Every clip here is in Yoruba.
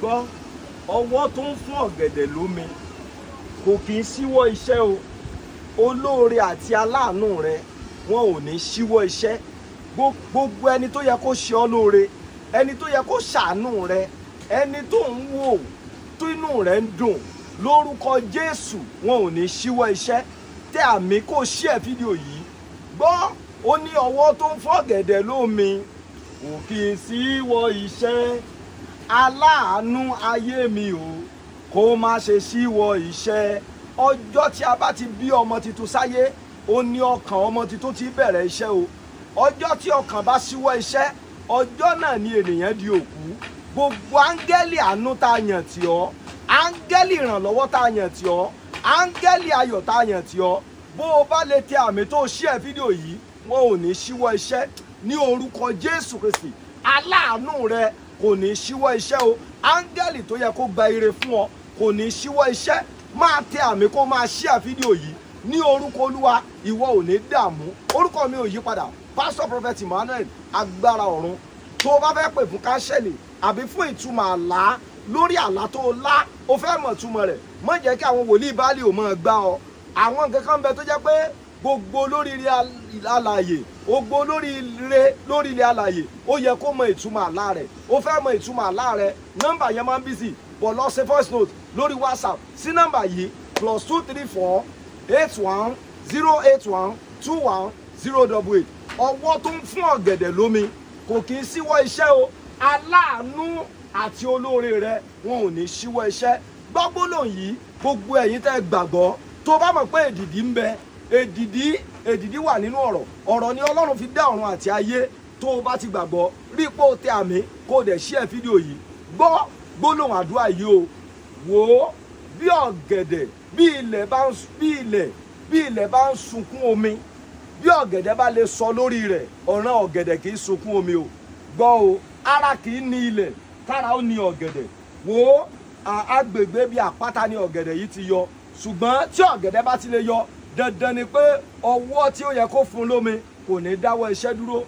gbọ́ ọwọ́ tó ń fún ọ̀gẹ̀dẹ̀ lómi kò kì í síwọ́ iṣẹ́ o olóore àti aláàánú rẹ wọn ò ní síwọ́ iṣẹ́ gbogbo ẹni tó yẹ kó ṣe ọ́ lóore ẹni tó yẹ kó ṣàánú rẹ ẹni tó ń wò tó inú rẹ ń dùn lórúkọ Jésù wọn ò ní síwọ́ iṣẹ́ tẹ àmì kò ṣí ẹ̀ fídíò yìí gbọ́ ó ní ọwọ́ tó ń fọ́ ọ̀gẹ̀dẹ̀ lómi kò kì í síwọ́ iṣẹ́ aláàánú ayé mi o kó má ṣe ṣíwọ iṣẹ́ ọjọ́ tí a bá ti bí ọmọ tuntun sáyé ó ní ọkàn ọmọ tuntun ti bẹ̀rẹ̀ iṣẹ́ o ọjọ́ tí ọkàn bá ṣíwọ́ iṣẹ́ ọjọ́ náà ni ènìyàn di òkú gbogbo áńgẹ́lì àánú tá a yàn tì ọ́ áńgẹ́lì ìrànlọ́wọ́ tá a yàn tì ọ́ áńgẹ́lì ayọ̀ tá a yàn tì ọ́ bó o bá lè tẹ àmì tó ṣí ẹ fídíò yìí wọn ò ní ṣíwọ́ iṣẹ́ ní orúkọ Jésù Kristi aláàánú rẹ kò ní ṣíwọ́ iṣẹ́ o áńgẹ́lì tó yẹ kó gba ire fún ọ kò ní ṣíwọ́ iṣẹ́ máa tẹ àmì kó máa share fídíò yìí ní orúkọ olúwa ìwọ ò ní dààmú orúkọ mi ò yí padà pastor prophet emmanuel agbára ọ̀run tó o bá fẹ́ pè fún káńsẹ̀lì àbí fún ìtumọ̀ àlá lórí àlá tó o lá o fẹ́ mọ̀ ìtumọ̀ rẹ̀ má jẹ́ kí àwọn wòlíì báàlì ò máa gbá ọ àwọn nǹkan bẹ tó jẹ́ pé gbogbo olóríire alààyè gbogbo olóríire lóríire alààyè ó yẹ kó mọ ìtumọ̀ àlá rẹ̀ ó fẹ́ mọ ìtumọ̀ àlá rẹ̀ nọ́mbà yẹn máa ń bísí bọ̀ lọ ṣe voice note lórí whatsapp sí nọ́mbà yìí plus two three four eight one zero eight one two one zero double eight ọwọ́ tó ń fún ọ̀gẹ̀dẹ̀ lómi kò kì í síwọ́ iṣẹ́ o aláàánú àti olóore rẹ wọn ò ní síwọ́ iṣẹ́ gbọ́gbólóhùn yìí gbogbo ẹ̀yin tẹ́ gbàgbọ́ tó bá mọ̀ pé èdìdì ń bẹ èdìdí èdìdí wà nínú ọ̀rọ̀ ọ̀rọ̀ ni ọlọ́run fi dá ọ̀run àti ayé tó o bá ti gbàgbọ́ rí pé o tẹ àmì kó o dẹ̀ share fídíò yìí gbọ́ gbólóhùn àdúrà yìí o wò ó bí ọ̀gẹ̀dẹ̀ bí ilẹ̀ bá ń bí ilẹ̀ bí ilẹ̀ bá ń sunkún omi bí ọ̀gẹ̀dẹ̀ bá lè sọ lórí rẹ̀ ọ̀ràn ọ̀gẹ̀dẹ̀ kì í sunkún omi o gbọ́ o ara kì í ni ilẹ̀ kára ó ni ọ̀gẹ̀dẹ̀ wò ó agbègbè bíi àpáta ni ọ̀gẹ̀dẹ̀ yìí ti yọ ṣùgbọ́n tí ọ̀gẹ̀dẹ̀ bá ti lè yọ dandan ni pé ọwọ́ tí ó yẹ kó fún lómi kò ní dáwọ́ iṣẹ́ dúró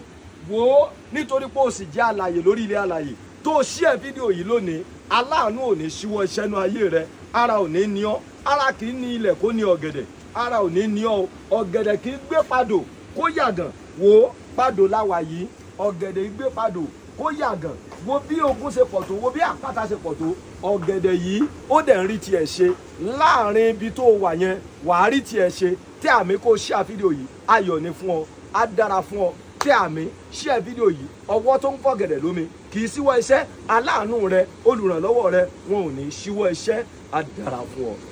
wò ó nítorí pé o sì jẹ́ alàyè lórí ilé alàyè tó o ṣí ẹ̀ fídíò yìí lónìí aláàánú ò ní ṣíwọ́ iṣẹ́ nu ayé rẹ ara ò ní ní ọ́ ara kì í ní ilẹ̀ kó ní ọ̀gẹ̀dẹ̀ ara ò ní ní ọ́ ọ̀gẹ̀dẹ̀ kì í gbé padò kó yàgàn wò ó padò láwa yìí ọ̀gẹ̀dẹ̀ gbé padò ó yàgàn wo bí ogun ṣe pọ̀ tó wo bí àpáta ṣe pọ̀ tó ọ̀gẹ̀dẹ̀ yìí ó dẹ̀ ń rí tiẹ̀ ṣe láàrin ibi tó wà yẹn wàá rí tiẹ̀ ṣe tí àmì kò ṣíà fídíò yìí ayọ̀ ni fún ọ á dára fún ọ tí àmì ṣíà fídíò yìí ọwọ́ tó ń fọ́ gẹ̀dẹ̀ lómi kì í síwọ́ iṣẹ́ aláàánú rẹ olùrànlọ́wọ́ rẹ wọn ò ní síwọ́ iṣẹ́ á dára fún ọ.